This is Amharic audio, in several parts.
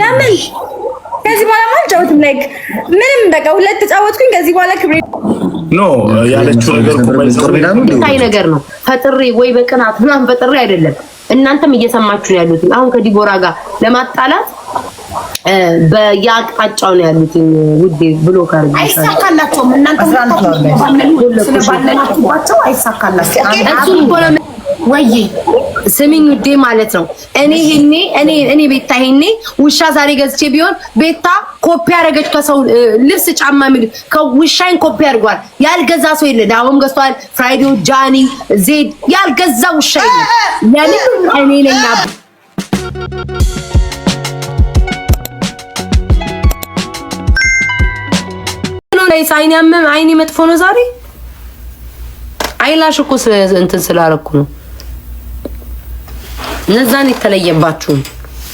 ለምን ከዚህ በኋላ አልጫወትም። ላይክ ምንም በቃ ሁለት ተጫወትኩኝ። ከዚህ በኋላ ክብሬ ኖ ያለችው ነገር ነገር ነው ፈጥሬ ወይ በቅናት ምናምን ፈጥሬ አይደለም። እናንተም እየሰማችሁ ነው ያሉትን አሁን ከዲቦራ ጋር ለማጣላት በየአቅጣጫው ነው ያሉት። ውዴ ብሎ ካር አይሳካላቸውም። እናንተ ስለባለናችሁባቸው አይሳካላቸውም። ወይ ስሚኝ ውዴ ማለት ነው። እኔ ሄኔ እኔ እኔ ቤታ ሄኔ ውሻ ዛሬ ገዝቼ ቢሆን ቤታ ኮፒ ያደረገች ከሰው ልብስ ጫማ የሚሉ ከውሻይን ኮፒ አድርጓል። ያልገዛ ሰው የለ። ዳውም ገዝቷል። ፍራይዴው ጃኒ፣ ዜድ ያልገዛ ውሻ የለ። ለምን እኔ ነኝ አይኔ መጥፎ ነው ዛሬ አይላሽ እኮ እንትን ስላረኩ ነው እነዛን የተለየባችሁ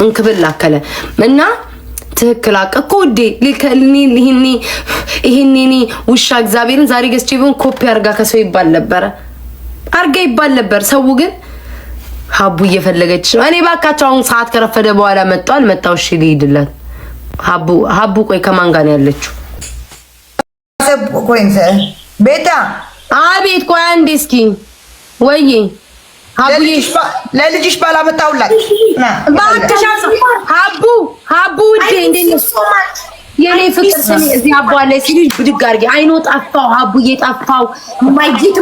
እንክብል ላከለ እና ትክክል አቀ እኮ ውዴ ይህኒኒ ውሻ እግዚአብሔርን ዛሬ ገዝቼ ቢሆን ኮፒ አርጋ ከሰው ይባል ነበረ አርጋ ይባል ነበር። ሰው ግን ሀቡ እየፈለገች ነው። እኔ ባካቸው አሁን ሰዓት ከረፈደ በኋላ መጥቷል። መጣው እሺ ልሂድለት። ሀቡ ሀቡ ቆይ ከማን ጋር ነው ያለችው? ቤታ አቤት። ቆይ አንዴ እስኪ ወይዬ ለልጅሽ ባላመጣሁላት እባክሽ ሀቡ ሀቡ ውዴ እንዴት የኔ ፍቅር ስሚ፣ እዚህ አባ ላይ ሲልሽ ብድግ አድርጌ አይኖ ጠፋው፣ ሀቡዬ ጠፋው። ማይጌት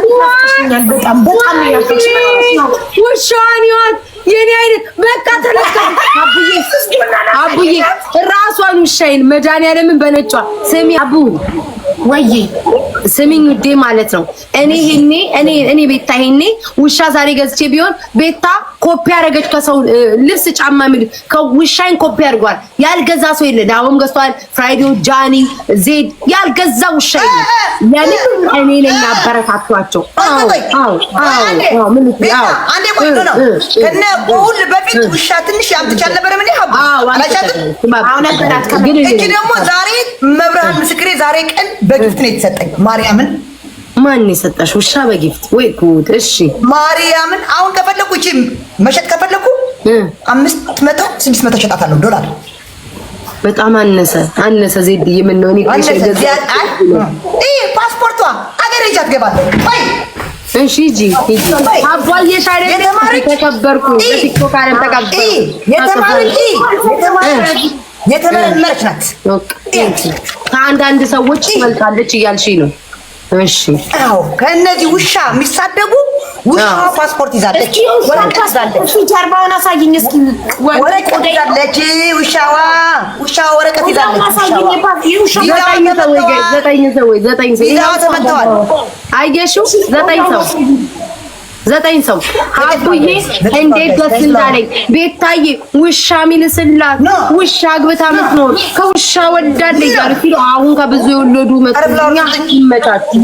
ውሻዋን ይዋት የኔ አይነት በቃ ተለካ ሀቡዬ ራሷን ውሻዬን መድኃኒዓለምን በነጯ ስሚ አቡ ወይ ስሚኝ ውዴ ማለት ነው። እኔ ሄኔ እኔ እኔ ቤታ ሄኔ ውሻ ዛሬ ገዝቼ ቢሆን ቤታ ኮፒ ያደረገች ከሰው ልብስ ጫማ ምድ ከውሻይን ኮፒ አድርጓል። ያልገዛ ሰው የለ። ዳውም ገዝቷል። ፍራይዴው ጃኒ ዜድ ያልገዛ ውሻ የለ። ለምን እኔ ነኝ አበረታቷቸው። አዎ አዎ አዎ። ምን ይላል አንዴ ቆይ ነው ከነ ሁሉ በፊት ውሻ ትንሽ ያምጥቻል ነበር። ምን ይሀብ አላቻትም። አሁን አጥናት ከመ እቺ ደግሞ ዛሬ መብርሃን ምስክሬ ዛሬ ቀን በግፍት ነው የተሰጠኝ ማርያምን ማን የሰጣሽ ውሻ በጊፍት ወይ ጉድ! እሺ ማርያምን አሁን ከፈለኩ እቺ መሸጥ ከፈለኩ አምስት መቶ ስድስት መቶ ሸጣታለሁ ዶላር። በጣም አነሰ አነሰ። ዜድ የምነው እኔ ፓስፖርቷ አገር ይዣት እገባለሁ። ወይ እሺ ሂጂ ሂጂ። አባዬ ሻሬ ተከበርኩ። በቲክቶክ አለም ተከበርኩ። የተማረች የተመረመረች ናት። ከአንዳንድ ሰዎች ትበልጣለች እያልሽ ነው እሺ አዎ፣ ከእነዚህ ውሻ የሚሳደቡ ውሻ ፓስፖርት ይዛለች፣ ወረቀት ይዛለች። ጀርባውን አሳይኝ እስኪ። ወረቀት ይዛለች ውሻዋ፣ ውሻ ወረቀት ይዛለች። ዘጠኝ ሰው ዘጠኝ ሰው አየሽው፣ ዘጠኝ ሰው ዘጠኝ ሰው አቡዬ እንዴት ደስ እንዳለኝ ቤታዬ ውሻ ሚልስላት ውሻ አግብታ ምትኖር ከውሻ ወዳለ ጋር ሲሉ አሁን ከብዙ የወለዱ መጥኛ ይመቻችሁ።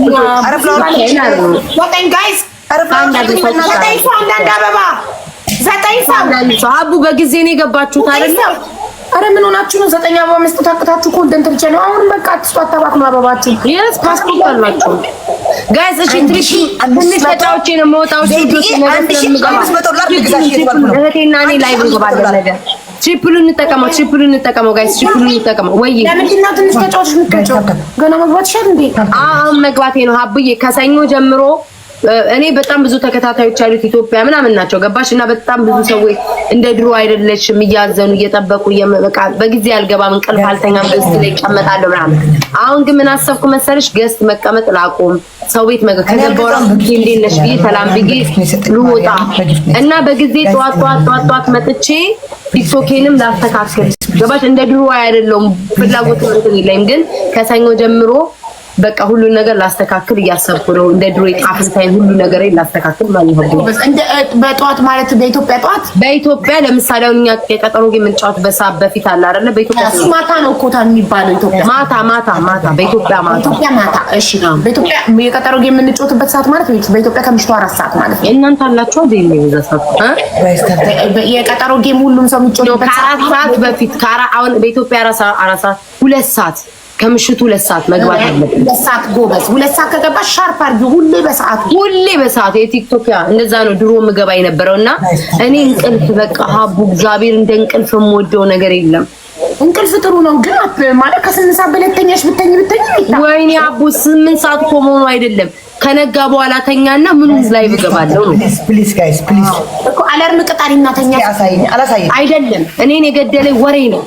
ዘጠኝ ሰው አቡ በጊዜ ነው የገባችሁት አይደል? አረ ምን ሆናችሁ ነው? ዘጠኝ አበባ መስጠት አቅታችሁ ኮንተንት ብቻ ነው። አሁን በቃ አትስጡ፣ አታባክኑ አበባችሁ። የስ ፓስፖርት አላችሁ ጋይስ። እሺ ትሪሺ ትንሽ ተጫውቼ ነው የምወጣው። እህቴና እኔ ላይ እንገባለን ነገር ትሪፕሉን እንጠቀመው፣ ትሪፕሉን እንጠቀመው ጋይስ፣ ትሪፕሉን እንጠቀመው። ወይ ለምንድን ትንሽ ተጫውተሽ የምትቀጪው? ገና መግባትሽ አይደል እንዴ? አሁን መግባቴ ነው ሀብዬ ከሰኞ ጀምሮ እኔ በጣም ብዙ ተከታታዮች አሉት ኢትዮጵያ ምናምን ናቸው፣ ገባሽ እና በጣም ብዙ ሰዎች እንደ ድሮ አይደለችም እያዘኑ እየጠበቁ በጊዜ አልገባም እንቅልፍ አልተኛም ገስት ላይ ይቀመጣለሁ ምናምን። አሁን ግን ምን አሰብኩ መሰለሽ ገስት መቀመጥ ላቆም ሰው ቤት መገ ከገባው ራሱ እንዴት ነሽ ብዬ ሰላም ብዬ ልውጣ እና በጊዜ ጠዋት ጠዋት ጠዋት ጠዋት መጥቼ ቲክቶኬንም ላስተካክል ገባሽ። እንደ ድሮ አይደለሁም ፍላጎት እንትን የለኝም፣ ግን ከሰኞ ጀምሮ በቃ ሁሉን ነገር ላስተካክል እያሰብኩ ነው። እንደ ድሮ ጣፍንታይ ሁሉ ነገር ላስተካክል ማለት ነው። በጠዋት ማለት በኢትዮጵያ ጠዋት በኢትዮጵያ ለምሳሌ እኛ የቀጠሮ ጌም የምንጫወትበት ሰዓት በፊት አለ አይደለ? በኢትዮጵያ እሱ ማታ ነው እኮ የሚባለው ኢትዮጵያ ማታ ማታ ማታ በኢትዮጵያ ማታ ኢትዮጵያ ማታ። እሺ በኢትዮጵያ የቀጠሮ ጌም የምንጫወትበት ሰዓት ማለት ነው። በኢትዮጵያ ከምሽቱ አራት ሰዓት ማለት ነው። እናንተ አላችሁ አይደል? የሚዘሳት የቀጠሮ ጌም ሁሉም ሰው የሚጫወትበት ከአራት ሰዓት በፊት ከአራት አሁን በኢትዮጵያ አራት ሰዓት ሁለት ሰዓት ከምሽቱ ሁለት ሰዓት መግባት አለበት። ሁለት ሰዓት ጎበዝ፣ ሁለት ሰዓት ከገባሽ ሻርፕ አድርጊ። ሁሌ በሰዓት ሁሌ በሰዓት የቲክቶክ ያ እንደዛ ነው ድሮ ምገባ የነበረውና እኔ እንቅልፍ በቃ ሀቡ እግዚአብሔር እንደ እንቅልፍ የምወደው ነገር የለም። እንቅልፍ ጥሩ ነው ግን ማለት ከስምንት ሰዓት በላይ ተኛሽ ብተኝ ብተኝ ወይኔ አቡ ስምንት ሰዓት እኮ መሆኑ አይደለም ከነጋ በኋላ ተኛና ምን ላይ ብገባለሁ ነው። ፕሊዝ ጋይስ ፕሊዝ እኮ አላርም ቅጣሪ እናተኛ ተኛ አላሳየኝ። አይደለም እኔን የገደለኝ ወሬ ነው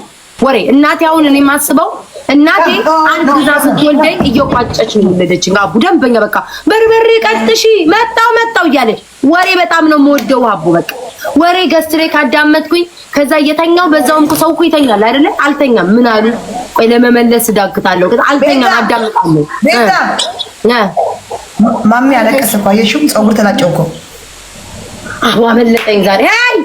ወሬ እናቴ አሁን እኔ የማስበው እናቴ አንድ ዛ ስትወልደኝ እየቋጨች ነው የወለደችኝ። አቡ ደንበኛ በቃ በርበሬ ቀጥሺ መጣው መጣው እያለች ወሬ በጣም ነው የምወደው። አቡ በቃ ወሬ ገስትሬ ካዳመጥኩኝ ከዛ እየተኛው በዛውም ሰው እኮ ይተኛል አይደለ? አልተኛም። ምን አሉ ቆይ ለመመለስ እዳግታለሁ። ከዛ አልተኛም፣ አዳምጣለሁ። ቤታ ማሚ አለቀሰ እኮ አየሽው፣ ፀጉር ተላጨው እኮ አዎ፣ አመለጠኝ ዛሬ አይ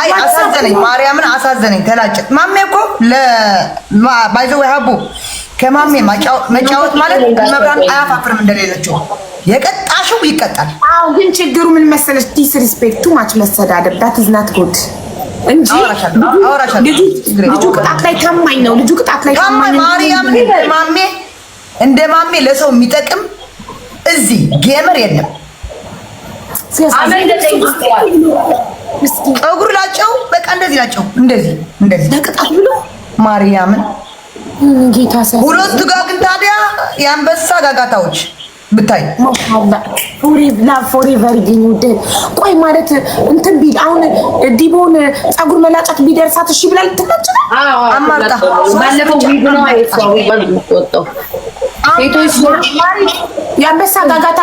አይ አሳዘነኝ፣ ማርያምን አሳዘነኝ። ተላጨ ማሜ እኮ ለባይዘው ሀቡ ከማሜ መጫወት ማለት መብራን አያፋፍርም እንደሌለችው የቀጣሽው ይቀጣል። አዎ፣ ግን ችግሩ ምን መሰለሽ? ዲስሪስፔክቱ ማች መሰዳደብ ዳት ኢዝ ናት ጉድ እንጂ ልጁ ቅጣት ላይ ታማኝ ነው። ልጁ ቅጣት ላይ ታማኝ ማርያም፣ ማሜ እንደ ማሜ ለሰው የሚጠቅም እዚህ ጌመር የለም። ላጨው እንደዚህ እንደዚህ ለቅጣት ብሎ ማርያምን ጌታ ሁለቱ ጋር ግን ታዲያ የአንበሳ ጋጋታዎች ብታይ ቆይ ማለት እንትን ቢል አሁን ዲቦን ፀጉር መላጫት ቢደርሳት እሺ ብላ ልትናችላ አማርጣ የአንበሳ ጋጋታ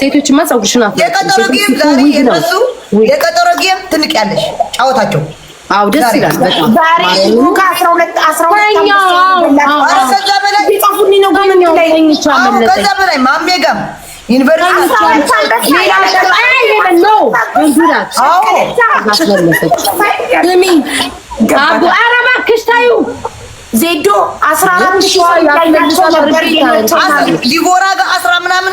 ሴቶችማ ፀጉርሽን የቀጠሮ ጌም ትንቅ ያለሽ ጫወታቸው። አው ደስ ይላል። ዛሬ ዩኒቨርሲቲ ዜዶ አስራ አራት ሺህ ያያቸው ነበር ጋር አስራ ምናምን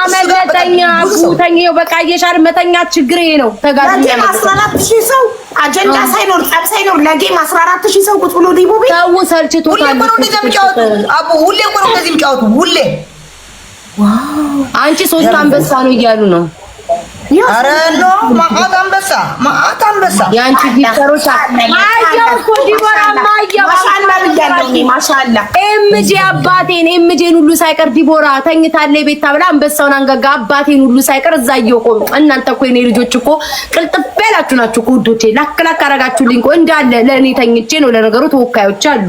አመተኛ ጉተኛ በቃ እየሻር መተኛ ችግር ይሄ ነው። ተጋድሜ አስራ አራት ሺህ ሰው አጀንዳ ሳይኖር ጸብ ሳይኖር ለጌም አስራ አራት ሺህ ሰው ቁጭ ብሎ ዲቦ ቤት ሰው ሰልችቶታል። ሁሌ አቦ ሁሌ ሁሌ። አንቺ ሶስት አንበሳ ነው እያሉ ነው ኧረ እንደው መዓት አንበሳ መዓት አንበሳ የአንቺ ፊቸሮች አየሁ እኮ ዲቦራማ አየሁ። ማሻላ ኤምጄ አባቴን ኤምጄን ሁሉ ሳይቀር ዲቦራ ተኝታለች ቤታ ብላ አንበሳውን አንገጋ አባቴን ሁሉ ሳይቀር እዛ እየቆሙ እናንተ እኮ የኔ ልጆች እኮ ቅልጥፍ ያላችሁ ናችሁ እኮ ውዶቼ። ላክ ላክ አረጋችሁልኝ እንዳለ ለእኔ ተኝቼ ነው ለነገሩ ተወካዮች አሉ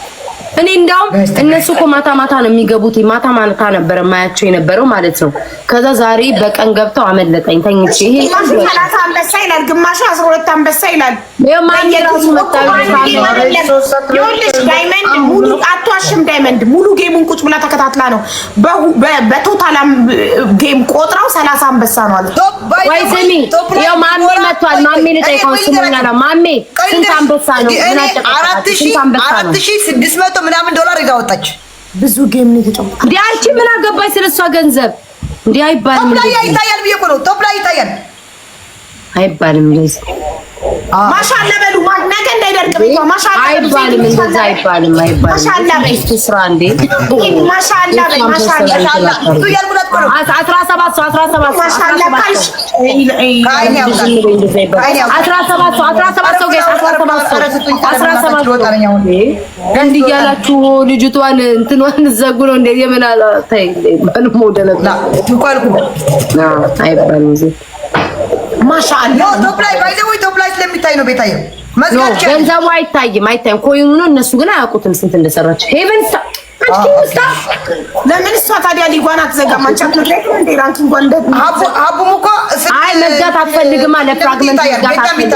እኔ እንዳውም እነሱ እኮ ማታ ማታ ነው የሚገቡት። ማታ ማታ ነበር ማያቸው የነበረው ማለት ነው። ከዛ ዛሬ በቀን ገብተው አመለጠኝ ተኝቼ። ይሄ ሰላሳ አንበሳ ይላል፣ ግማሹ አስራ ሁለት አንበሳ ይላል። ዳይመንድ ሙሉ አትዋሽም። ዳይመንድ ሙሉ ጌሙን ቁጭ ብላ ተከታትላ ነው በቶታል ጌም ቆጥረው ሰላሳ አንበሳ ነው አለ። ወይ ስሚ፣ ይኸው ማሜ መቷል። ማሜ ልጠይቀው ስሙኛ ነው። ማሜ ስንት አንበሳ ነው? ምናምን ዶላር ይዛ ወጣች። ብዙ ጌም ነው የተጫወተው። እንዴ አንቺ ምን አገባሽ ስለሷ ገንዘብ? እንዴ አይባልም። ቶፕ ላይ ይታያል ብዬሽ እኮ ነው። ቶፕ ላይ ይታያል አይባልም እንደዚህ ማሻአላ በሉ ነገ እንዳይደርቅ ቤቷ ማሻአላ አይባልም እንደዛ አይባልም አይባልም ማሻአላ ማሻአላ ማሻአላ ማሻአላ ቶፕ ገንዘቡ አይታይም አይታይም እነሱ ግን አያውቁትም ስንት እንደሰራች ሄቨን ለምን እሷ ታዲያ ሊጓን አትዘጋም አንቺ አይ መዝጋት አትፈልግማ ለፍራግመንት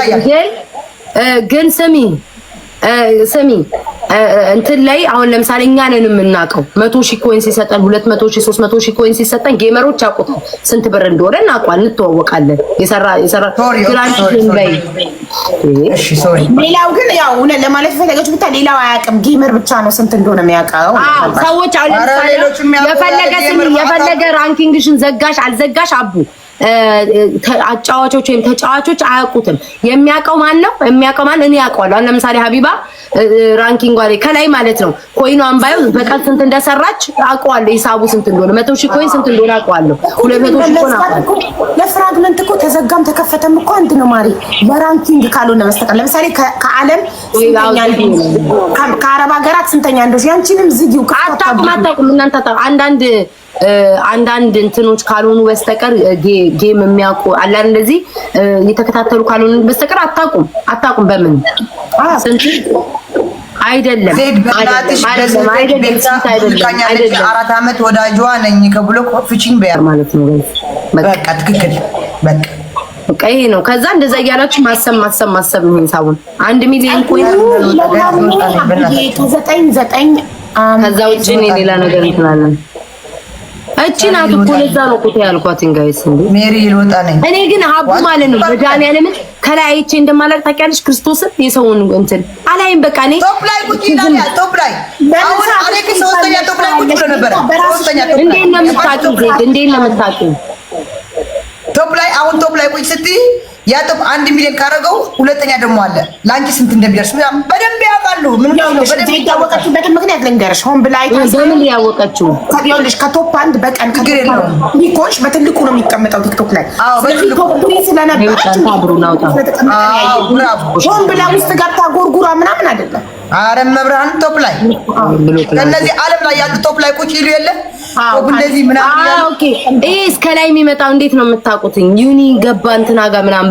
ግን ስሚ ስሚ እንትን ላይ አሁን ለምሳሌ እኛ ነን የምናውቀው መቶ ሺህ ኮይን ሲሰጠን ሁለት መቶ ሺህ ሶስት መቶ ሺህ ኮይን ሲሰጠን ጌመሮች ያውቁታል ስንት ብር እንደሆነ እናውቋል እንተዋወቃለን የሰራ የሰራ ሌላው ግን ያው እውነት ለማለት ፈለገች ብታ ሌላው አያውቅም ጌመር ብቻ ነው ስንት እንደሆነ የሚያውቀው ሰዎች አሁን ለምሳሌ የፈለገ ስሚ የፈለገ ራንኪንግሽን ዘጋሽ አልዘጋሽ አቡ አጫዋቾች ወይም ተጫዋቾች አያውቁትም። የሚያውቀው ማን ነው? የሚያውቀው ማን እኔ አሁን ለምሳሌ ሀቢባ ራንኪንግ ዋሬ ከላይ ማለት ነው ኮይኑ አንባዩ በቀን ስንት እንደሰራች አውቀዋለሁ። ሂሳቡ ስንት እንደሆነ መቶ ሺህ ኮይን ስንት እንደሆነ አውቀዋለሁ። ሁለት መቶ ሺህ ኮይን አውቀዋለሁ። ለፍራግመንት እኮ ተዘጋም ተከፈተም እኮ አንድ ነው ማሪ። ለራንኪንግ ካልሆነ በስተቀር ለምሳሌ ከዓለም ከአረብ ሀገራት ስንተኛ እንደሆነ ያንቺንም ዝጊው አታውቅም። አታውቅም እናንተ አንዳንድ አንዳንድ እንትኖች ካልሆኑ በስተቀር ጌም የሚያውቁ አላ እንደዚህ የተከታተሉ ካልሆኑ በስተቀር አታቁም አታቁም። በምን አይደለም አራት ዓመት ወዳጇ ነኝ ከብሎ ማለት ነው። በቃ ትክክል በቃ በቃ ይሄ ነው። ከዛ እንደዛ እያላችሁ ማሰብ ማሰብ ማሰብ ነው። ሂሳቡን አንድ ሚሊዮን ኮይን ከዛ ውጭ ሌላ ነገር እንትን እቺ ናት እኮ ለዛ ነው እኮ ያልኳት። እንጋይስ እንዴ ሜሪ ይሮጣ ነኝ እኔ ግን ሀቡ ማለት ነው መድኃኒዓለምን ከላይ አይቼ እንደማላቅ ታውቂያለሽ። ክርስቶስን የሰውን እንትን አላይም። በቃ እኔ ቶፕ ላይ ቁጭ ይላል። ቶፕ ላይ አሁን አለክ ሶስተኛ ቶፕ ላይ ቁጭ ብሎ ነበር። ሶስተኛ ቶፕ እንዴት ነው የምታውቂው? እንዴት ነው የምታውቂው? ቶፕ ላይ አሁን ቶፕ ላይ ቁጭ ስትይ ያጥፍ አንድ ሚሊዮን ካረገው ሁለተኛ ደግሞ አለ ለአንቺ ስንት እንደሚደርስ ምናምን በደንብ ያውቃሉ። ምን በደንብ ያወቀችበት ምክንያት ልንገርሽ። ሆን ብላ በምን ያወቀችው ይኸውልሽ፣ ከቶፕ አንድ በቀን ሊኮች በትልቁ ነው የሚቀመጠው ቲክቶክ ላይ ሆን ብላ ውስጥ ገብታ ጎርጉራ ምናምን አይደለም። አረ መብርሃን ቶፕ ላይ ከእነዚህ ዓለም ላይ ያሉ ቶፕ ላይ ቁጭ ይሉ የለ እንደዚህ ምናምን ይሄ እስከ ላይ የሚመጣው እንዴት ነው የምታውቁትኝ? ዩኒ ገባ እንትና ጋር ምናምን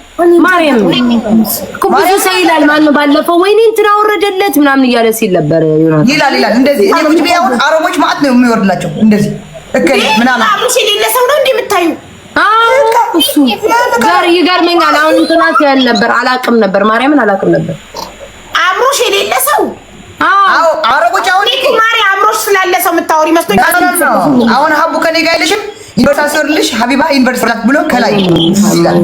ማርያም ብዙ ሰው ይላል። ማነው ባለፈው ወይኔ እንትን አወረደለት ምናምን እያለ ሲል ነበር ይላል ይላል። እንደዚህ እኔ ቁጭ ብዬ አረቦች ማለት ነው የሚወርድላቸው እንደዚህ እከሌ ምናምን አብሽ የሌለ ሰው ነው እንደምታዩ እሱ ጋር ይገርመኛል። አሁን እንትናት ያህል ነበር አላቅም ነበር ማርያምን አላቅም ነበር አብሮሽ የሌለ ሰው አዎ አረቦች አሁን ማሪ አብሮሽ ስላለ ሰው የምታወሪ መስሎኝ አሁን ሀቡ ከኔ ጋር የለሽም ዩኒቨርሲቲ አስወርልሽ ሀቢባ ዩኒቨርሲቲ ብሎ ከላይ ይላል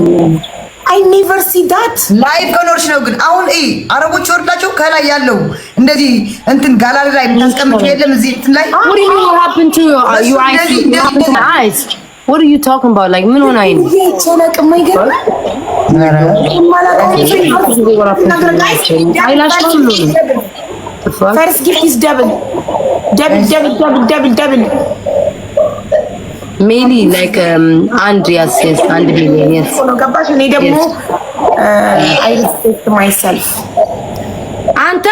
አይ ኔቨር ሲ ዳት ላይቭ ከኖርሽ ነው። ግን አሁን ይ አረቦች ወርዳቸው ከላይ ያለው እንደዚህ እንትን ጋላሪ ላይ የምታስቀምጥ የለም እዚህ እንትን ላይ ምን ሆነ አይን ፈርስት ጊፍት ኢዝ ደብል ደብል ደብል ደብል ደብል ሜሊ ላይክ um, አንድ ያስ ያስ አንድ ሚሊዮን ያስ ገባሽ። እኔ ደግሞ አይ ሪስፔክት ማይሰልፍ። አንተ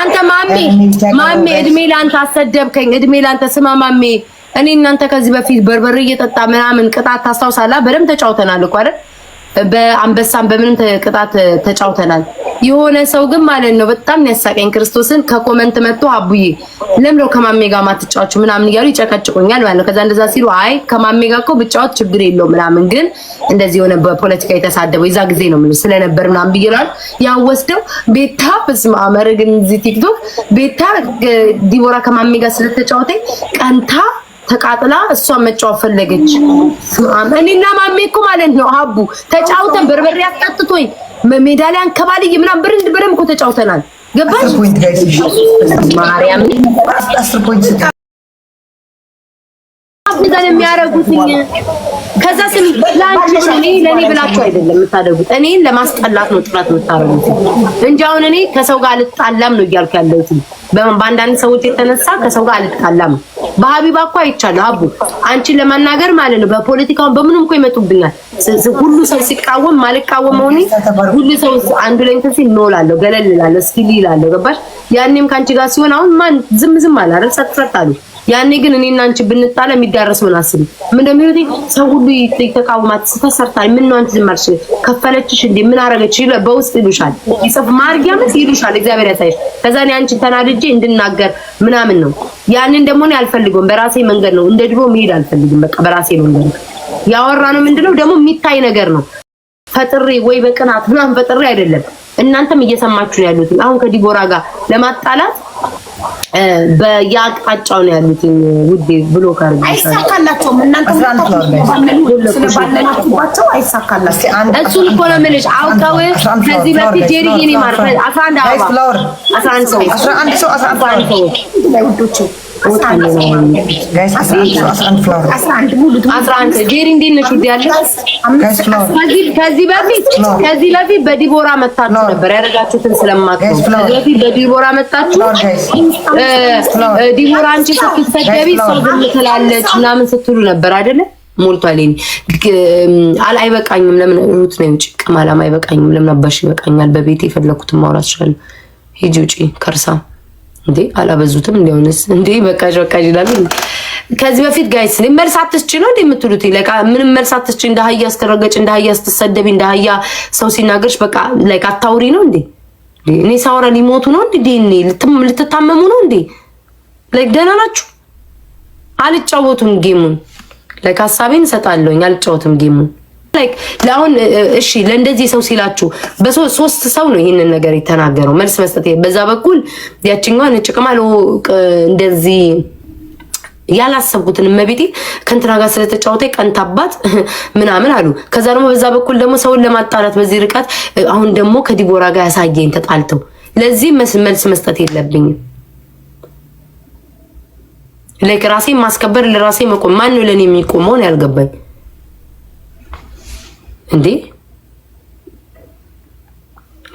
አንተ ማሜ ማሜ እድሜ ላንተ አሰደብከኝ። እድሜ ላንተ ስማ ማሜ፣ እኔ እናንተ ከዚህ በፊት በርበሬ እየጠጣ ምናምን ቅጣት ታስታውሳላ? በደምብ ተጫውተናል እኮ አይደል? በአንበሳም በምንም ቅጣት ተጫውተናል። የሆነ ሰው ግን ማለት ነው በጣም ያሳቀኝ ክርስቶስን ከኮመንት መጥቶ አቡዬ ለምለው ከማሜ ጋር ማትጫወቹ ምናምን እያሉ ይጨቀጭቁኛል ማለት ነው። ከዛ እንደዛ ሲሉ አይ ከማሜ ጋር እኮ ብጫወት ችግር የለው ምናምን፣ ግን እንደዚህ የሆነ በፖለቲካ የተሳደበው የዛ ጊዜ ነው ምን ስለነበር ምናምን ብይላል ያወስደው ቤታ በስመ አብ ኧረ ግን እዚህ ቲክቶክ ቤታ ዲቦራ ከማሜ ጋር ስለተጫወተኝ ቀንታ ተቃጥላ እሷን መጫወት ፈለገች። እኔና ማሜ እኮ ማለት ነው አቡ ተጫውተን በርበሬ አስጠጥቶኝ ሜዳሊያን ከባልይ ምናምን ብርንድ በደምብ እኮ ተጫውተናል። ገባሽ? እንደዛን የሚያረጉትኝ ከዛ ስሚ ለአንቺ ለእኔ ብላችሁ አይደለም የምታደርጉት፣ እኔን ለማስጠላት ነው ጥረት የምታደርጉት እንጂ አሁን እኔ ከሰው ጋር አልጣላም ነው እያልኩ ያለሁት። በአንዳንድ ሰዎች የተነሳ ከሰው ጋር አልጣላም። በሀቢባ እኮ አይቻለሁ። አቡ አንቺን ለማናገር ማለት ነው በፖለቲካውን በምንም እኮ ይመጡብኛል። ሁሉ ሰው ሲቃወም ማልቃወም ሆኔ ሁሉ ሰው አንዱ ላይ እንትን ሲል ኖ እላለሁ፣ ገለል እላለሁ፣ ገባሽ? ያኔም ከአንቺ ጋር ሲሆን አሁን ማን ዝም ዝም አለ አይደል? አሉ ያኔ ግን እኔና አንቺ ብንጣለ የሚዳረስ ምን አስብ ምን እንደሚሉት ሰው ሁሉ ይተቃውማት ስተሰርታ ምን ነው አንቺ ዝም አልሽ ከፈለችሽ እንዴ ምን አረገች በውስጥ ይሉሻል ይጽፍ ማርያምስ ይሉሻል እግዚአብሔር ያሳይሽ ከዛ እኔ አንቺን ተናድጄ እንድናገር ምናምን ነው ያንን ደግሞ እኔ አልፈልገውም በራሴ መንገድ ነው እንደ ድሮ መሄድ አልፈልግም በቃ በራሴ መንገድ ያወራ ነው ምንድነው ደግሞ የሚታይ ነገር ነው ፈጥሬ ወይ በቅናት ምናምን ፈጥሬ አይደለም እናንተም እየሰማችሁ ያሉት አሁን ከዲቦራ ጋር ለማጣላት በየአቅጣጫው ነው ያሉት። ውዴ ብሎ አይሳካላቸውም። እናንተ አይሳካላቸውም። እሱን እኮ ነው የምልሽ። አውቀው ከዚህ በፊት ጄሪ ሰው ሰው ሰው ከዚህ በፊት ከዚህ በፊት በዲቦራ መታችሁ ነበር ያደረጋችሁትን ስለማውቀው ከዚህ በፊት በዲቦራ መታችሁ ዲቦራ አንቺ ስትሰደቢ ሰው ዝም ትላለች ምናምን ስትሉ ነበር አይደለ? ሞልቷል። አል አይበቃኝም። ለምን ሩት ነው ውጭ ቅማላም አይበቃኝም። ለምን አባሽ ይበቃኛል። በቤት የፈለኩትን ማውራት ሂጂ ውጪ እንዴ አላበዙትም? እንዲሆንስ እንዴ በቃሽ በቃሽ ይላሉ። ከዚህ በፊት ጋይስ እኔ መልስ አትስጪ ነው እንዴ የምትሉት? ላይክ ምንም መልስ አትስጪ፣ እንደ አህያ እስክረገጭ፣ እንደ አህያ ስትሰደቢ፣ እንደ አህያ ሰው ሲናገርሽ በቃ ላይክ አታውሪ ነው እንዴ? እኔ ሳውራ ሊሞቱ ነው እንዴ? እኔ ልትታመሙ ነው እንዴ? ላይክ ደህና ናችሁ? አልጫወቱም ጌሙን ላይክ ሀሳቤን እሰጣለሁኝ። አልጫወትም ጌሙን ላይክ ለአሁን እሺ፣ ለእንደዚህ ሰው ሲላችሁ በሶስት ሰው ነው ይህንን ነገር የተናገረው መልስ መስጠት። በዛ በኩል ያችኛዋን ጭቅማ እንደዚህ ያላሰብኩትን እመቤቴ ከእንትና ጋር ስለተጫወተ ቀንታባት ምናምን አሉ። ከዛ ደግሞ በዛ በኩል ደግሞ ሰውን ለማጣላት በዚህ ርቀት አሁን ደግሞ ከዲቦራ ጋር ያሳየኝ ተጣልተው ለዚህ መልስ መስጠት የለብኝም። ላይክ ራሴ ማስከበር ለራሴ መቆም ማን ነው ለእኔ የሚቆመውን ያልገባኝ እንዴ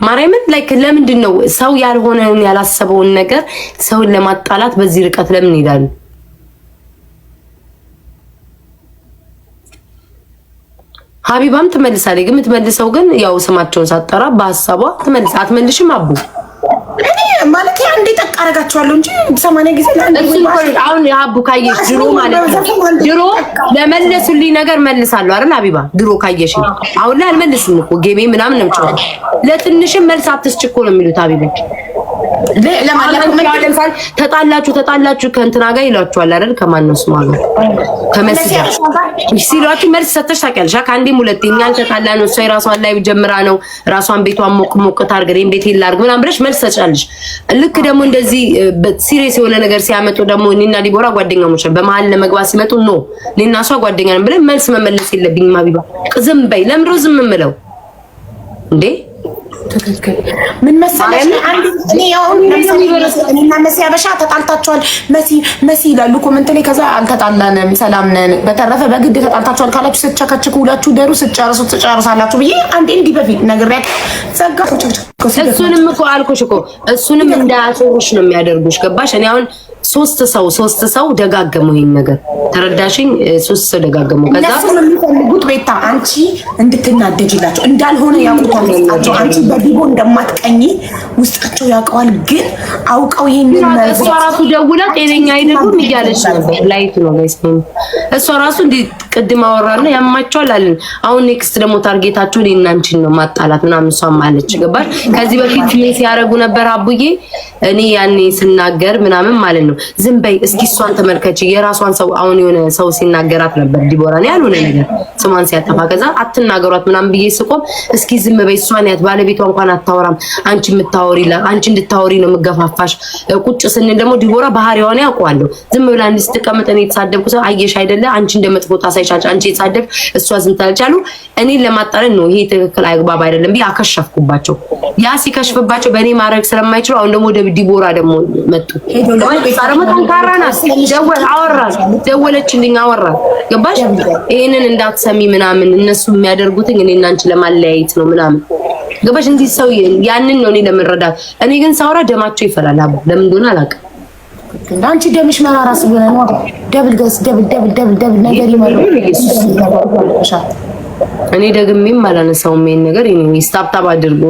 ማርያምን ላይክ ለምንድን ነው ሰው ያልሆነ ያላሰበውን ነገር ሰውን ለማጣላት በዚህ ርቀት ለምን ይሄዳሉ? ሀቢባም ትመልሳለች። ግን የምትመልሰው ግን ያው ስማቸውን ሳጠራ በሀሳቧ ትመልስ አትመልሽም አቡ እኔ ማለት አንዴ ጠቅ አደርጋቸዋለሁ እንጂ ሰማንያ ጊዜ አሁን አቡ ካየሽ ድሮ ማለት ነው ድሮ ለመለሱልኝ ነገር መልሳለሁ አይደል አቢባ ድሮ ካየሽ አሁን ላይ አልመልስም እኮ ጌሜ ምናምን ነው ለትንሽም መልስ አትስጭ እኮ ነው የሚሉት አቢባ ለምሳሌ ተጣላችሁ ተጣላችሁ ከእንትና ጋር ይሏችኋል አይደል? ከማነው ሲሏችሁ መልስ ታውቂያለሽ? ከአንዴም ሁለቴ እኛ ነው እሷ የራሷን ላይ ጀምራ ነው ራሷን ቤቷን ሞቅ ሞቅ ታርግ እኔም ምናምን ብለሽ መልስ ሰጫለሽ። ልክ ደግሞ እንደዚህ ሲሪየስ የሆነ ነገር ሲያመጡ ደግሞ እኔና ዲቦራ ጓደኛሞች ነን በመሀል ለመግባት ሲመጡ ኖ እኔና እሷ ጓደኛ ነን ብለን መልስ መመለስ ዝም በይ። ዝም የምለው እንዴ? ትክክል። ምን መሰለሽ መሲ አበሻ ተጣልታችኋል፣ መሲ ይላሉ ኮመንት ላይ። ከዛ አልተጣላንም ሰላም ነን፣ በተረፈ በግድ ተጣልታችኋል ካላችሁ ስትቸከችኩ ሁላችሁ ደሩ ስትጨርሱ ትጨርሳላችሁ ብዬ አንዴ እንዲህ በፊት ነግሬያት ዘጋ። እሱንም እኮ አልኩሽ እኮ እሱንም እንዳያስሩሽ ነው የሚያደርጉሽ። ገባሽ? እኔ አሁን ሶስት ሰው ሶስት ሰው ደጋገሙ ይሄን ነገር ተረዳሽኝ? ሶስት ሰው ደጋገሙ። ከዛ የሚፈልጉት ቤታ አንቺ እንድትናደጅላቸው እንዳልሆነ ያውቁታል። አንቺ በዲቦ እንደማትቀኝ ውስጣቸው ያውቀዋል። ግን አውቀው ይሄን ነገር እሷ ራሱ ደውላ ጤነኛ አይደሉም እያለች ነበር። ላይት ነው ጋይስ። እሷ ራሱ እንዲህ ቅድም አወራና ያማቸዋል አለን። አሁን ኔክስት ደግሞ ታርጌታቸው እኔና አንቺን ነው ማጣላት ምናምን እሷም አለች። ገባሽ? ከዚህ በፊት ምን ሲያደርጉ ነበር አቡዬ እኔ ያኔ ስናገር ምናምን ማለት ነው ነው። ዝም በይ እስኪ እሷን ተመልከች። የራሷን ሰው አሁን የሆነ ሰው ሲናገራት ነበር ዲቦራ ነው ያልሆነ ነገር ስሟን ሲያጠፋ፣ ከዛ አትናገሯት ምናምን ብዬ ስቆም እስኪ ዝም በይ እሷን ያት ባለቤቷ እንኳን አታወራም፣ አንቺ የምታወሪ አንቺ እንድታወሪ ነው የምገፋፋሽ። ቁጭ ስንል ደግሞ ዲቦራ ባህሪዋን ያውቀዋለሁ። ዝም ብላ እንዲህ ስትቀመጥ እኔ የተሳደብኩ ሰው አየሽ አይደለ አንቺ እንደመጥፎ ታሳይሻለሽ፣ አንቺ የተሳደብ እሷ ዝም ታለች እኔን ለማጣረን ነው ይሄ ትክክል አግባብ አይደለም ብዬ አከሸፍኩባቸው። ያ ሲከሽፍባቸው በእኔ ማድረግ ስለማይችሉ አሁን ደግሞ ወደ ዲቦራ ደግሞ መጡ። አረመ ጠንካራ ናት። ደወል አወራል፣ ደወለችልኝ፣ አወራል። ገባሽ? ይሄንን እንዳትሰሚ ምናምን እነሱ የሚያደርጉት እኔ እና አንቺ ለማለያየት ነው ምናምን ገባሽ? እንዲህ ሰው ያንን ነው እኔ ለመረዳት። እኔ ግን ሳውራ ደማቸው ይፈላል። አባ ለምን እንደሆነ አላውቅም። አንቺ ደምሽ መራራ ስለሆነ ነው። ደብል ገስ ደብል ደብል ደብል ደብል ነገር ይመረው እኔ ደግሜም አላነሳውም ይሄን ነገር ይሄን ስታፕ ታፕ አድርጎ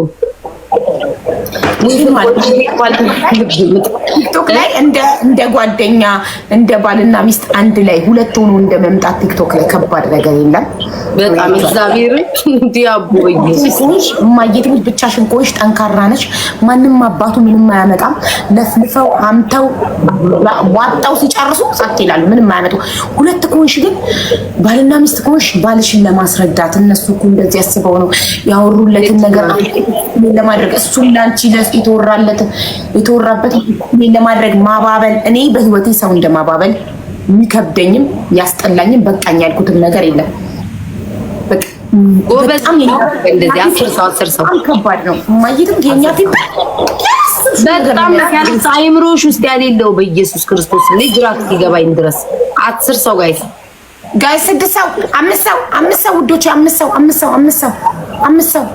ቲክቶክ ላይ እንደ ጓደኛ እንደ ባልና ሚስት አንድ ላይ ሁለት ሆኖ እንደ መምጣት ቲክቶክ ላይ ከባድ ነገር የለም። በጣም እግዚአብሔር ዲያቦይሽ ማየትም ብቻሽን ቆይሽ። ጠንካራ ነች። ማንም አባቱ ምንም አያመጣም። ለፍልፈው አምተው ዋጣው ሲጨርሱ ጸጥ ይላሉ። ምንም አያመጡ። ሁለት ከሆንሽ ግን ባልና ሚስት ከሆንሽ ባልሽን ለማስረዳት እነሱ እኮ እንደዚህ ያስበው ነው ያወሩለትን ነገር ለማድረግ እሱም ለአንቺ የተወራለት የተወራበት ለማድረግ ማባበል እኔ በህይወቴ ሰው እንደማባበል የሚከብደኝም ያስጠላኝም በቃኝ ያልኩትም ነገር የለም። ጎበዝ እንደዚህ አስር አይምሮሽ ውስጥ ያሌለው በኢየሱስ ክርስቶስ ላይ ግራት ሲገባኝ ድረስ አስር ሰው ስድስት ሰው አምስት ሰው አምስት ሰው ውዶች አምስት ሰው አምስት ሰው አምስት ሰው አምስት ሰው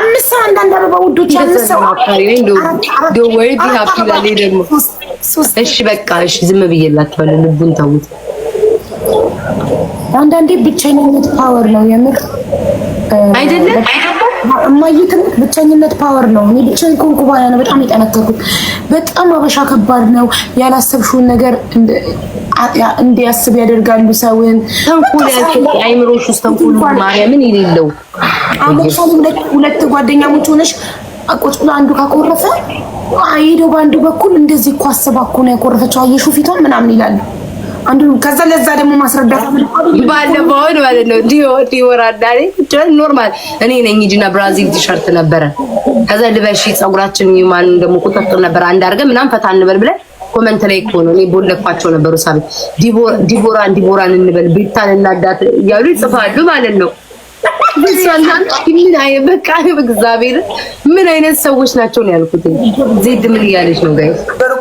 አምስት ሰው አንዳንድ አበባ ውዶች አምስት ሰው ቢሀፕ ላሌ ደግሞ እሺ በቃ እሺ ዝም ብዬላችኋለሁ። ልቡን አንዳንዴ ብቸኝነት ፓወር ነው የምር አይደለም። እማየትነት ብቸኝነት ፓወር ነው። እኔ ብቻዬን ከሆንኩ በኋላ ነው በጣም የጠነከርኩት። በጣም አበሻ ከባድ ነው። ያላሰብሽውን ነገር እንዲያስብ ያደርጋሉ። ሰውን ተንኮል አይምሮሽ ውስጥ ተንኮል ማርያምን የሌለው አመሻም ሁለት ጓደኛሞች ሆነሽ ቁጭ ብሎ አንዱ ካቆረፈ ሄደው በአንዱ በኩል እንደዚህ እኮ አስባ እኮ ነው ያቆረፈችው አየሹ ፊቷን ምናምን ይላሉ። አንዱ ከዛ ለዛ ደግሞ ማስረዳት ባለፈው ማለት ነው። ዲዮ ዲዮ ራዳሪ ኖርማል እኔ ነኝ እንጂና ብራዚል ቲሸርት ነበረ። ከዛ ልበሽ ጸጉራችን ይማን ደግሞ ቁጥጥር ነበረ አንድ አድርገን ምናምን ፈታ እንበል ብለን ኮመንት ላይ እኮ ነው እኔ ቦለኳቸው ነበሩ። ሳቢ ዲቦራን ዲቦራን እንበል ቤታን እናዳት እያሉ ይጽፋሉ ማለት ነው። ምን አይ በቃ እግዚአብሔር ምን አይነት ሰዎች ናቸው ነው ያልኩት። ዜድ ምን እያለች ነው ጋይስ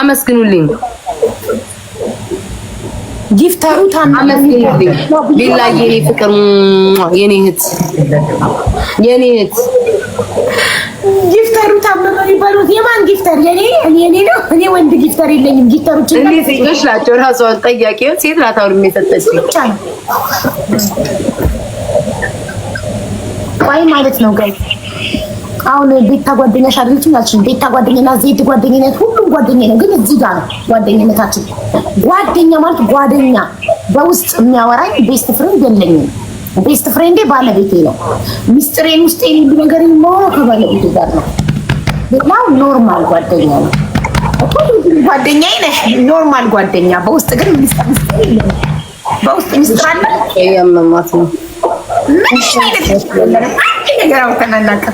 አመስግኑልኝ። ጊፍታሩ ታመስግኑልኝ። ሌላ የኔ ፍቅር የኔ እህት የኔ እህት ጊፍተሩ ታመመ ይባሉት። የማን ጊፍተር? የኔ እኔ ነው። እኔ ወንድ ጊፍተር የለኝም። ጊፍተሮች እና እኔ ሴቶች ናቸው። ራሷን ጠያቂውን ሴት ናት። አሁን የሚሰጠች ቆይ ማለት ነው ጋይ አሁን ቤታ ጓደኛሽ አይደለችም ያልሽኝ ቤታ ጓደኛና ዜድ ጓደኝነት ሁሉም ጓደኛ ነው፣ ግን እዚህ ጋር ነው ጓደኝነታችን። ጓደኛ ማለት ጓደኛ በውስጥ የሚያወራኝ ቤስት ፍሬንድ የለኝም። ቤስት ፍሬንዴ ባለቤቴ ነው። ሚስጥሬን ውስጥ የሚሉ ነገር የማወራው ከባለቤቴ ጋር ነው። ሌላው ኖርማል ጓደኛ ነው። ጓደኛ ነሽ፣ ኖርማል ጓደኛ። በውስጥ ግን ሚስጥር ሚስጥር የለም። በውስጥ ሚስጥር አለ ነው ነገር አውቀናናቀ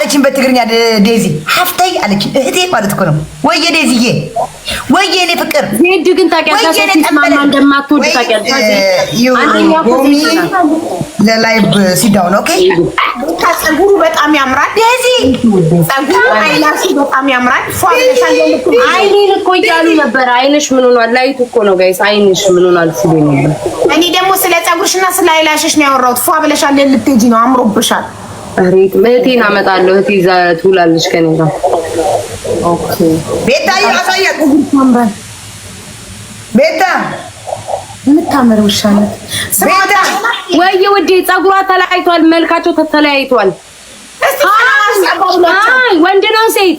አለችን በትግርኛ ዴዚ ሀፍተይ አለችን። እህቴ ማለት እኮ ነው። ወየ ዴዚዬ፣ ወየ እኔ ፍቅር ዜድ ግን ታውቂያለሽ፣ ለላይቭ ሲዳውን ኦኬ። ፀጉሩ በጣም ያምራል ዴዚ፣ ፀጉሩ አይላሱ በጣም ያምራል። አይኔን እኮ እያሉ ነበር። አይንሽ ምን ሆኗል? ላይቱ እኮ ነው ጋይስ፣ አይንሽ ምን ሆኗል ሲሉ ነበር። እኔ ደግሞ ስለ ፀጉርሽና ስለ አይላሽሽ ነው ያወራሁት። ፏ ብለሻል፣ ልትሄጂ ነው፣ አምሮብሻል እህቴን አመጣለሁ። እህቴ እዛ ትውላለች ከኔ ጋር። ኦኬ ቤታዬ አሳያት። ቤታ የምታምር ውሻ ናት። ቤታ ወይ ውዴ፣ ፀጉሯ ተለያይቷል፣ መልካቸው ተለያይቷል። ወንድ ነው ሴት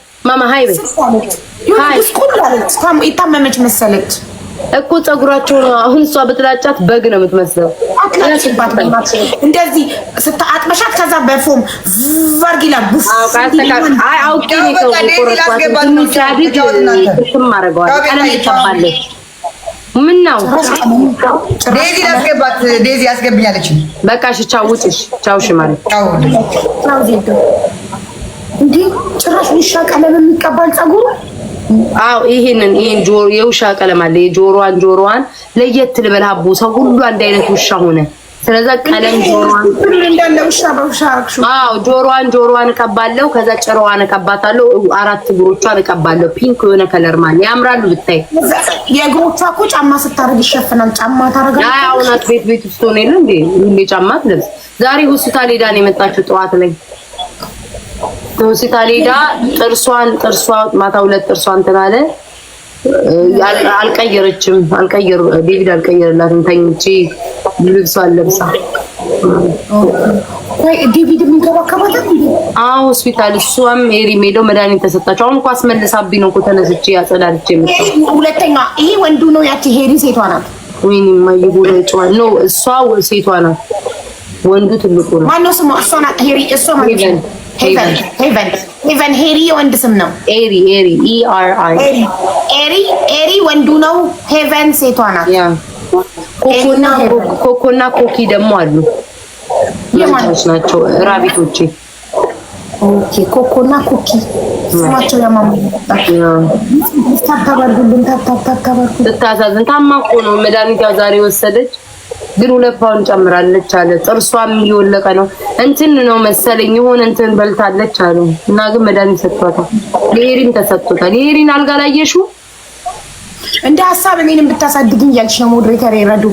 ማማ ሀይ ቤት ይታመመች መሰለች እኮ ፀጉራቸው ነው። አሁን እሷ በጥላጫት በግ ነው የምትመስለው። እንደዚህ ስታጥበሻት ከዛ በፎም ቫርጊላ ምን ነው ዴዚ ላስገባት? ዴዚ አስገብኛለች። በቃ እሺ፣ ቻው፣ ውጭሽ፣ ቻው፣ እሺ ማለት እንዴ ጭራሽ ውሻ ቀለም የሚቀባል ጸጉር? አዎ ይሄንን ይሄን ጆሮ የውሻ ቀለም አለ። የጆሮዋን ጆሮዋን ለየት ልበል ሀቦ፣ ሰው ሁሉ አንድ አይነት ውሻ ሆነ። ስለዛ ቀለም ጆሮዋን አዎ ጆሮዋን ጆሮዋን እቀባለሁ፣ ከዛ ጭራዋን እቀባታለሁ፣ አራት እግሮቿን እቀባለሁ። ፒንክ የሆነ ከለር ማለት ያምራሉ ብታይ። የእግሮቿ እኮ ጫማ ስታረግ ይሸፍናል። ጫማ ታረጋለህ። አዎ ናት። ቤት ቤት ውስጥ ሆነ የለ እንዴ ሁሌ ጫማ ትለብስ። ዛሬ ሆስፒታል ሄዳ ነው የመጣችው ጠዋት ላይ ሆስፒታል ሄዳ ጥርሷን ጥርሷ ማታ ሁለት ጥርሷን እንትን አለ። አልቀየረችም። አልቀየሩ ዴቪድ አልቀየረላትም። ተኝቼ ልብሷን ለብሳ ዴቪድ የሚንከባከባት አዎ፣ ሆስፒታል እሷም ሄሪ ሄደው መድኃኒት ተሰጣቸው። አሁን እኮ አስመልሳብኝ ነው እኮ ተነስቼ ያጸዳልቼ የምትለው ሁለተኛ። ይሄ ወንዱ ነው፣ ያቺ ሄሪ ሴቷ ናት። ወይኔ የማየው ጎዳ ጨዋል ነው። እሷ ሴቷ ናት፣ ወንዱ ትልቁ ነው። ማነው ስሟ? እሷ ናት ሄሪ፣ እሷ ማለት ነው ሄቨን ሄሪ የወንድ ስም ነው። ኤሪ ኤሪ ኢ አር አይ ኤሪ ኤሪ ወንዱ ነው። ሄቨን ሴቷ ናት። ኮኮና ኮኪ ደግሞ አሉ ናቸው ራቢቶቼ። ኦኬ ኮኮና ኮኪ ስማቸው ስታሳዝን ታማ እኮ ነው። መድኃኒት ዛሬ ወሰደች፣ ግን ሁለት ፓውን ጨምራለች አለ። ጥርሷም እየወለቀ ነው እንትን ነው መሰለኝ የሆነ እንትን በልታለች አሉ እና ግን መድኃኒት ሰጥቷታል። ሌሪም ተሰጥቷታል። ሌሪን አልጋ ላየሹ እንደ ሀሳብ እኔንም ብታሳድግኝ እያልሽ ነው ሞዴሬተር ይረዱ።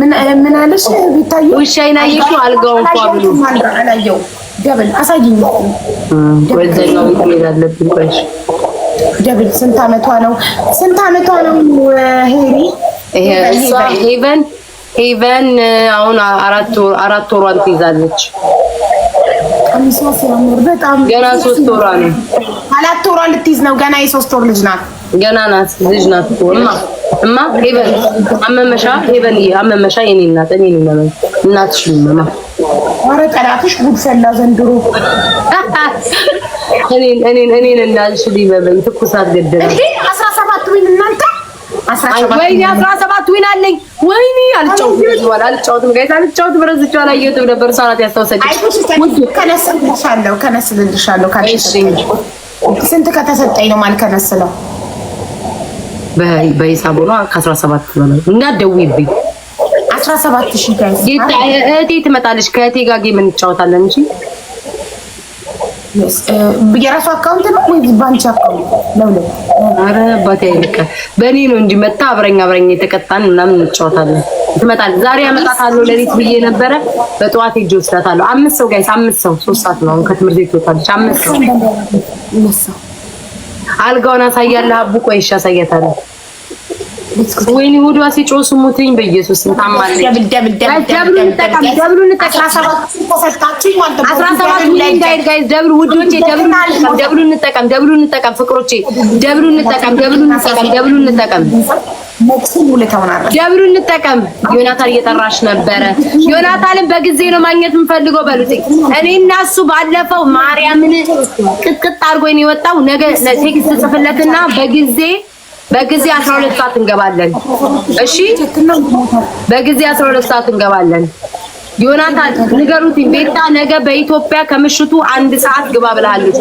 ምን ምን አለሽ ቢታዩ ውሻዬን አየሽው? አልጋው እንኳን አላየው ደብል አሳይኝ። ደብል ስንት አመቷ ነው? ስንት አመቷ ነው ሄሪ? ሄቨን ሄቨን አሁን አራት አራት ወሯን ትይዛለች። ገና ሶስት ወሯ ነው። አራት ወሯ ልትይዝ ነው። ገና የሶስት ወር ልጅ ናት። ገና ናት፣ ልጅ ናት። እማ እማ ሄቨን አመመሻ፣ ሄቨን አመመሻ። የኔ እናት እኔ ነኝ ማለት እናትሽ እማ። ኧረ ጠላትሽ ጉድ ፈላ ዘንድሮ። እኔን እኔን እኔን እንዳልሽ ሊበበኝ ትኩሳት ገደለኝ። ወይኔ አስራ ሰባት ዊን አለኝ። ወይኔ አልጫወትም ጋይስ አልጫወትም። ረዝቼው አላየሁትም ነበር። እሷ ናት ከነስልልሻለሁ ስንት ከተሰጠኝ ነው የማልከነስለው? በሂሳብ ሆኗ ከአስራ ሰባት በላይ እንዳትደውይብኝ። አስራ ሰባት ሺህ ጋይስ እህቴ ትመጣለች። ከእህቴ ጋር ጌም እንጫወታለን እንጂ Uh, የራሱ አካውንት ነው ወይስ ባንቺ አካውንት? ለሁለት አባቴ አይልቀ በእኔ ነው እንዲመጣ አብረኝ አብረኝ የተቀጣን ምናምን እንጫወታለን። ትመጣለች ዛሬ አመጣታለሁ ለሊት ብዬ ነበረ። በጠዋት ሄጄ ወስዳታለሁ። አምስት ሰው ጋይስ፣ አምስት ሰው ሶስት ሰዓት ነው ከትምህርት ቤት ወጣለች። አምስት ሰው አልጋውን አሳያለሁ። አቡ ቆይ አሳያታለሁ ወይኔ ሆዷ ሲጮህ ስሙትኝ፣ በኢየሱስ ታማለች። ደብሉን እንጠቀም፣ ደብሉን እንጠቀም ፍቅሮቼ፣ ደብሉን እንጠቀም፣ ደብሉን እንጠቀም፣ ደብሉን እንጠቀም፣ ደብሉን እንጠቀም። ዮናታን እየጠራሽ ነበረ። ዮናታንን በጊዜ ነው ማግኘት የምፈልገው በሉት። እኔ እና እሱ ባለፈው ማርያምን ቅጥቅጥ አድርጎኝ ነው የወጣው። ነገ ቴክስት ጽፍለትና በጊዜ በጊዜ 12 ሰዓት እንገባለን። እሺ፣ በጊዜ 12 ሰዓት እንገባለን። ዮናታን ንገሩት ቤታ ነገ በኢትዮጵያ ከምሽቱ አንድ ሰዓት ግባ ብላለች።